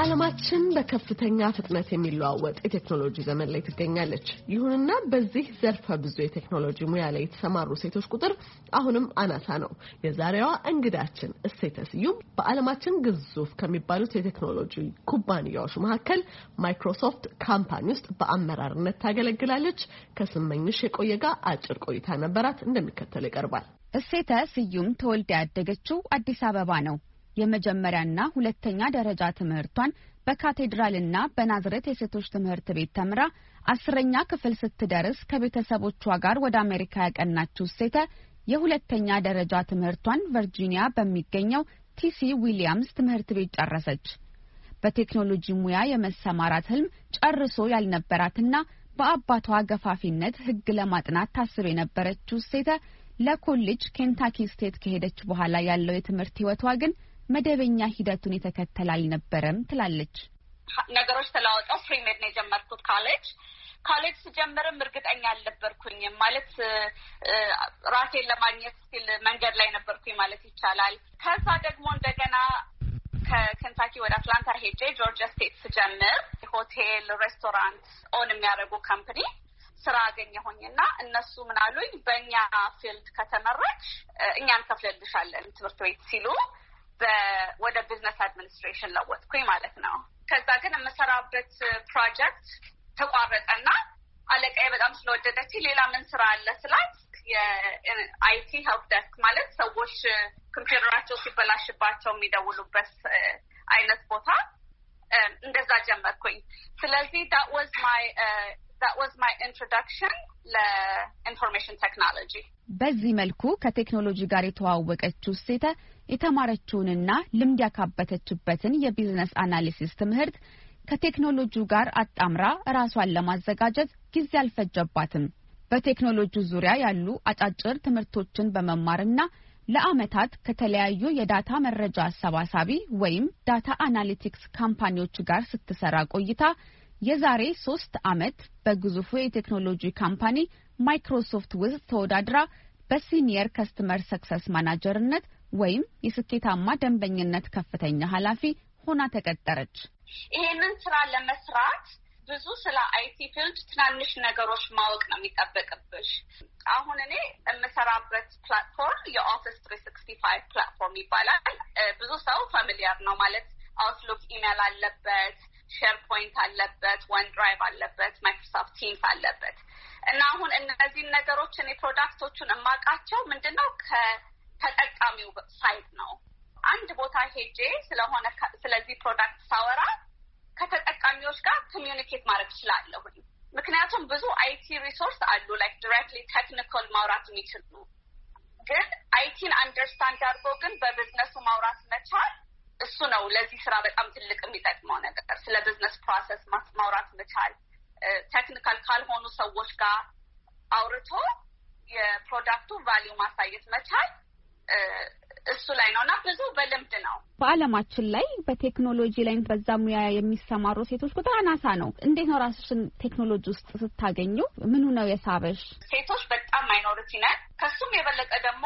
ዓለማችን በከፍተኛ ፍጥነት የሚለዋወጥ የቴክኖሎጂ ዘመን ላይ ትገኛለች። ይሁንና በዚህ ዘርፈ ብዙ የቴክኖሎጂ ሙያ ላይ የተሰማሩ ሴቶች ቁጥር አሁንም አናሳ ነው። የዛሬዋ እንግዳችን እሴተ ስዩም በዓለማችን ግዙፍ ከሚባሉት የቴክኖሎጂ ኩባንያዎች መካከል ማይክሮሶፍት ካምፓኒ ውስጥ በአመራርነት ታገለግላለች። ከስመኝሽ የቆየ ጋር አጭር ቆይታ ነበራት፣ እንደሚከተል ይቀርባል። እሴተ ስዩም ተወልዳ ያደገችው አዲስ አበባ ነው። የመጀመሪያና ሁለተኛ ደረጃ ትምህርቷን በካቴድራልና በናዝሬት የሴቶች ትምህርት ቤት ተምራ አስረኛ ክፍል ስትደርስ ከቤተሰቦቿ ጋር ወደ አሜሪካ ያቀናችው እሴተ የሁለተኛ ደረጃ ትምህርቷን ቨርጂኒያ በሚገኘው ቲሲ ዊሊያምስ ትምህርት ቤት ጨረሰች። በቴክኖሎጂ ሙያ የመሰማራት ህልም ጨርሶ ያልነበራትና በአባቷ ገፋፊነት ህግ ለማጥናት ታስብ የነበረችው ሴተ ለኮሌጅ ኬንታኪ ስቴት ከሄደች በኋላ ያለው የትምህርት ህይወቷ ግን መደበኛ ሂደቱን የተከተል አልነበረም ትላለች። ነገሮች ተለዋውጠው ፍሪሜድ ነው የጀመርኩት ካሌጅ ካሌጅ ስጀምርም እርግጠኛ አልነበርኩኝም። ማለት ራሴን ለማግኘት ሲል መንገድ ላይ ነበርኩኝ ማለት ይቻላል። ከዛ ደግሞ እንደገና ከኬንታኪ ወደ አትላንታ ሄጄ ጆርጂያ ስቴት ስጀምር ሆቴል፣ ሬስቶራንት ኦን የሚያደርጉ ካምፕኒ ስራ አገኘሁኝ እና እነሱ ምን አሉኝ፣ በእኛ ፊልድ ከተመረች እኛ እንከፍለልሻለን ትምህርት ቤት ሲሉ ወደ ቢዝነስ አድሚኒስትሬሽን ለወጥኩኝ ማለት ነው። ከዛ ግን የምሰራበት ፕሮጀክት ተቋረጠና አለቃዬ በጣም ስለወደደች ሌላ ምን ስራ አለ ስላት የአይቲ ሄልፕ ደስክ ማለት ሰዎች ኮምፒውተራቸው ሲበላሽባቸው የሚደውሉበት አይነት ቦታ እንደዛ ጀመርኩኝ። ስለዚህ ዳት ዋዝ ማይ that was my introduction ለኢንፎርሜሽን ቴክኖሎጂ። በዚህ መልኩ ከቴክኖሎጂ ጋር የተዋወቀችው ሴተ የተማረችውንና ልምድ ያካበተችበትን የቢዝነስ አናሊሲስ ትምህርት ከቴክኖሎጂው ጋር አጣምራ ራሷን ለማዘጋጀት ጊዜ አልፈጀባትም። በቴክኖሎጂ ዙሪያ ያሉ አጫጭር ትምህርቶችን በመማርና ለአመታት ከተለያዩ የዳታ መረጃ አሰባሳቢ ወይም ዳታ አናሊቲክስ ካምፓኒዎች ጋር ስትሰራ ቆይታ የዛሬ ሶስት ዓመት በግዙፉ የቴክኖሎጂ ካምፓኒ ማይክሮሶፍት ውስጥ ተወዳድራ በሲኒየር ከስተመር ሰክሰስ ማናጀርነት ወይም የስኬታማ ደንበኝነት ከፍተኛ ኃላፊ ሆና ተቀጠረች። ይሄንን ስራ ለመስራት ብዙ ስለ አይቲ ፊልድ ትናንሽ ነገሮች ማወቅ ነው የሚጠበቅብሽ። አሁን እኔ የምሰራበት ፕላትፎርም የኦፊስ ትሪ ስክስቲ ፋይቭ ፕላትፎርም ይባላል። ብዙ ሰው ፋሚሊያር ነው ማለት አውትሎክ ኢሜል አለበት ሼር አለበት፣ ዋን ድራይቭ አለበት፣ ማይክሮሶፍት ቲምስ አለበት እና አሁን እነዚህን ነገሮች እኔ ፕሮዳክቶቹን ምንድን ምንድነው ከተጠቃሚው ሳይት ነው። አንድ ቦታ ሄጄ ስለሆነ ስለዚህ ፕሮዳክት ሳወራ ከተጠቃሚዎች ጋር ኮሚዩኒኬት ማድረግ እችላለሁ። ምክንያቱም ብዙ አይቲ ሪሶርስ አሉ ላይክ ዲሬክትሊ ቴክኒካል ማውራት የሚችሉ ግን አይቲን አንደርስታንድ አድርጎ ግን በቢዝነሱ ማውራት መቻል እሱ ነው ለዚህ ስራ በጣም ትልቅ የሚጠቅመው ነገር። ስለ ቢዝነስ ፕሮሰስ ማውራት መቻል፣ ቴክኒካል ካልሆኑ ሰዎች ጋር አውርቶ የፕሮዳክቱ ቫሊዩ ማሳየት መቻል እሱ ላይ ነው እና ብዙ በልምድ ነው። በአለማችን ላይ በቴክኖሎጂ ላይ በዛ ሙያ የሚሰማሩ ሴቶች ቁጥር አናሳ ነው። እንዴት ነው ራስሽን ቴክኖሎጂ ውስጥ ስታገኙ ምኑ ነው የሳበሽ? ሴቶች በጣም ማይኖሪቲ ነን። ከሱም የበለጠ ደግሞ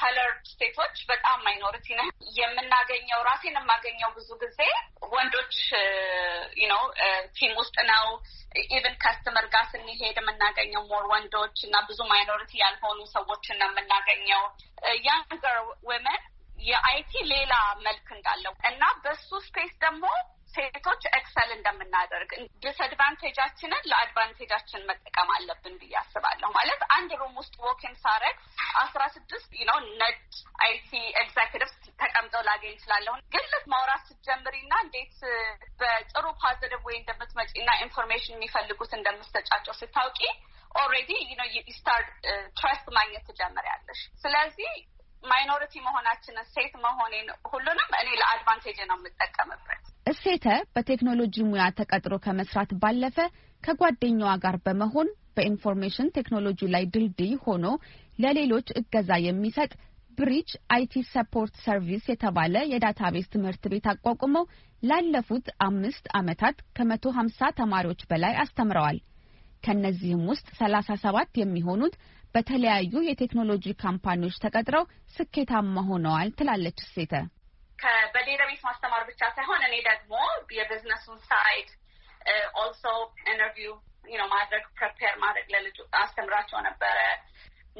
ከለርድ ስቴቶች በጣም ማይኖሪቲ ነህ። የምናገኘው ራሴን የማገኘው ብዙ ጊዜ ወንዶች ነው ቲም ውስጥ ነው። ኢቨን ከስትመር ጋር ስንሄድ የምናገኘው ሞር ወንዶች እና ብዙ ማይኖሪቲ ያልሆኑ ሰዎችን ነው የምናገኘው ያንገር ወመን የአይቲ ሌላ መልክ እንዳለው እና በሱ ስፔስ ደግሞ ሴቶች ኤክሰል እንደምናደርግ ዲስአድቫንቴጃችንን ለአድቫንቴጃችን መጠቀም አለብን ብዬ አስባለሁ። ማለት አንድ ሩም ውስጥ ወኪን ሳረግ አስራ ስድስት ነው ነጭ አይቲ ኤግዛኪቲቭስ ተቀምጠው ላገኝ እችላለሁ። ግን ማውራት ስትጀምሪና እንዴት በጥሩ ፖዘቲቭ ወይ እንደምትመጪና ኢንፎርሜሽን የሚፈልጉት እንደምትሰጫቸው ስታውቂ ኦልሬዲ ስታርት ትረስት ማግኘት ትጀምሪያለሽ። ስለዚህ ማይኖሪቲ መሆናችንን ሴት መሆኔን ሁሉንም እኔ ለአድቫንቴጅ ነው የምጠቀምበት። እሴተ በቴክኖሎጂ ሙያ ተቀጥሮ ከመስራት ባለፈ ከጓደኛዋ ጋር በመሆን በኢንፎርሜሽን ቴክኖሎጂ ላይ ድልድይ ሆኖ ለሌሎች እገዛ የሚሰጥ ብሪጅ አይቲ ሰፖርት ሰርቪስ የተባለ የዳታቤዝ ትምህርት ቤት አቋቁመው ላለፉት አምስት ዓመታት ከመቶ ሀምሳ ተማሪዎች በላይ አስተምረዋል። ከእነዚህም ውስጥ ሰላሳ ሰባት የሚሆኑት በተለያዩ የቴክኖሎጂ ካምፓኒዎች ተቀጥረው ስኬታማ ሆነዋል ትላለች እሴተ። ቤስ ማስተማር ብቻ ሳይሆን እኔ ደግሞ የቢዝነሱን ሳይድ ኦልሶ ኢንተርቪው ነው ማድረግ ፕሬፔር ማድረግ ለልጁ አስተምራቸው ነበረ።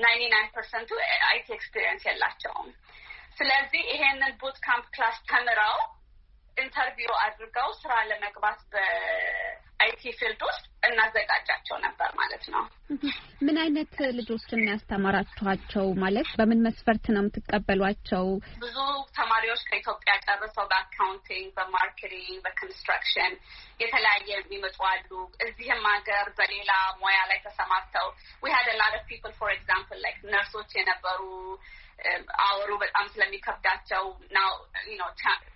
ናይንቲ ናይን ፐርሰንቱ አይቲ ኤክስፒሪየንስ የላቸውም። ስለዚህ ይሄንን ቡት ካምፕ ክላስ ተምረው ኢንተርቪው አድርገው ስራ ለመግባት አይቲ ፊልድ ውስጥ እናዘጋጃቸው ነበር ማለት ነው። ምን አይነት ልጆች የሚያስተማራችኋቸው ማለት በምን መስፈርት ነው የምትቀበሏቸው? ብዙ ተማሪዎች ከኢትዮጵያ ጨርሰው በአካውንቲንግ፣ በማርኬቲንግ፣ በኮንስትራክሽን የተለያየ የሚመጡ አሉ። እዚህም ሀገር በሌላ ሙያ ላይ ተሰማርተው ዊ ሀድ ላት ኦፍ ፒፕል ፎር ኤግዛምፕል ላይክ ነርሶች የነበሩ Um, አወሩ በጣም ስለሚከብዳቸው ናው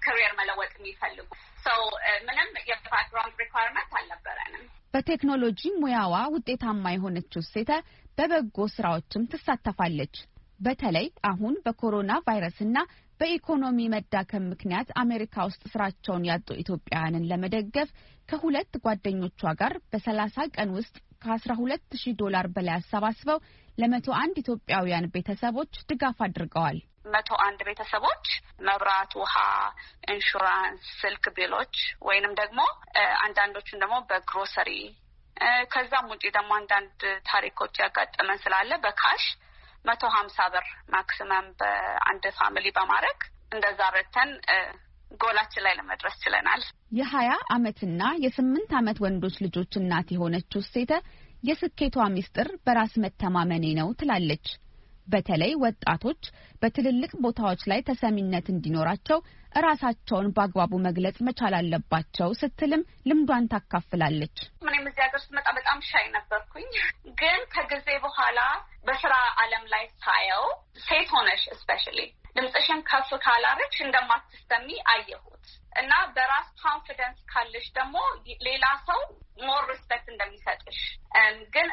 ክሬር መለወጥ የሚፈልጉ ሰው uh, ምንም የባክግራውንድ ሪኳርመንት አልነበረንም። በቴክኖሎጂ ሙያዋ ውጤታማ የሆነችው ሴተ በበጎ ስራዎችም ትሳተፋለች። በተለይ አሁን በኮሮና ቫይረስና በኢኮኖሚ መዳከም ምክንያት አሜሪካ ውስጥ ስራቸውን ያጡ ኢትዮጵያውያንን ለመደገፍ ከሁለት ጓደኞቿ ጋር በሰላሳ ቀን ውስጥ ከ12 ሺህ ዶላር በላይ አሰባስበው ለመቶ አንድ ኢትዮጵያውያን ቤተሰቦች ድጋፍ አድርገዋል። መቶ አንድ ቤተሰቦች መብራት፣ ውሃ፣ ኢንሹራንስ፣ ስልክ ቢሎች ወይንም ደግሞ አንዳንዶቹን ደግሞ በግሮሰሪ ከዛም ውጪ ደግሞ አንዳንድ ታሪኮች ያጋጠመን ስላለ በካሽ መቶ ሀምሳ ብር ማክሲመም በአንድ ፋሚሊ በማድረግ እንደዛ ረድተን ጎላችን ላይ ለመድረስ ችለናል። የሀያ አመትና የስምንት አመት ወንዶች ልጆች እናት የሆነችው ሴተ የስኬቷ ሚስጥር በራስ መተማመኔ ነው ትላለች። በተለይ ወጣቶች በትልልቅ ቦታዎች ላይ ተሰሚነት እንዲኖራቸው እራሳቸውን በአግባቡ መግለጽ መቻል አለባቸው ስትልም ልምዷን ታካፍላለች። ምንም እዚህ ሀገር ስትመጣ በጣም ሻይ ነበርኩኝ፣ ግን ከጊዜ በኋላ በስራ አለም ላይ ሳየው ሴት ሆነሽ እስፔሻሊ ድምፅሽን ከፍ ካላረች እንደማትሰሚ አየሁት እና በራስ ኮንፊደንስ ካለሽ ደግሞ ሌላ ሰው ሞር ሪስፔክት እንደሚሰጥሽ ግን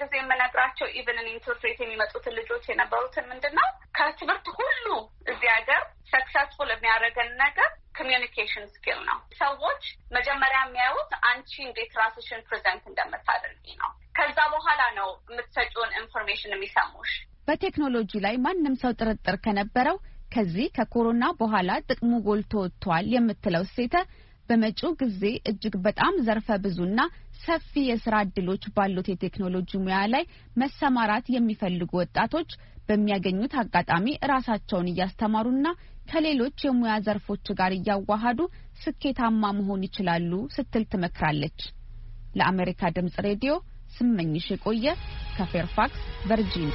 ጊዜ የምነግራቸው ኢቨን ኢንተርፕሬት የሚመጡትን ልጆች የነበሩትን ምንድን ነው ከትምህርት ያደረገን ነገር ኮሚኒኬሽን ስኪል ነው። ሰዎች መጀመሪያ የሚያዩት አንቺ እንዴት ራስሽን ፕሬዘንት እንደምታደርጊ ነው። ከዛ በኋላ ነው የምትሰጪውን ኢንፎርሜሽን የሚሰሙሽ። በቴክኖሎጂ ላይ ማንም ሰው ጥርጥር ከነበረው ከዚህ ከኮሮና በኋላ ጥቅሙ ጎልቶ ወጥቷል የምትለው ሴተ በመጪው ጊዜ እጅግ በጣም ዘርፈ ብዙና ሰፊ የስራ እድሎች ባሉት የቴክኖሎጂ ሙያ ላይ መሰማራት የሚፈልጉ ወጣቶች በሚያገኙት አጋጣሚ ራሳቸውን እያስተማሩና ከሌሎች የሙያ ዘርፎች ጋር እያዋሃዱ ስኬታማ መሆን ይችላሉ ስትል ትመክራለች። ለአሜሪካ ድምጽ ሬዲዮ ስመኝሽ የቆየ ከፌርፋክስ ቨርጂን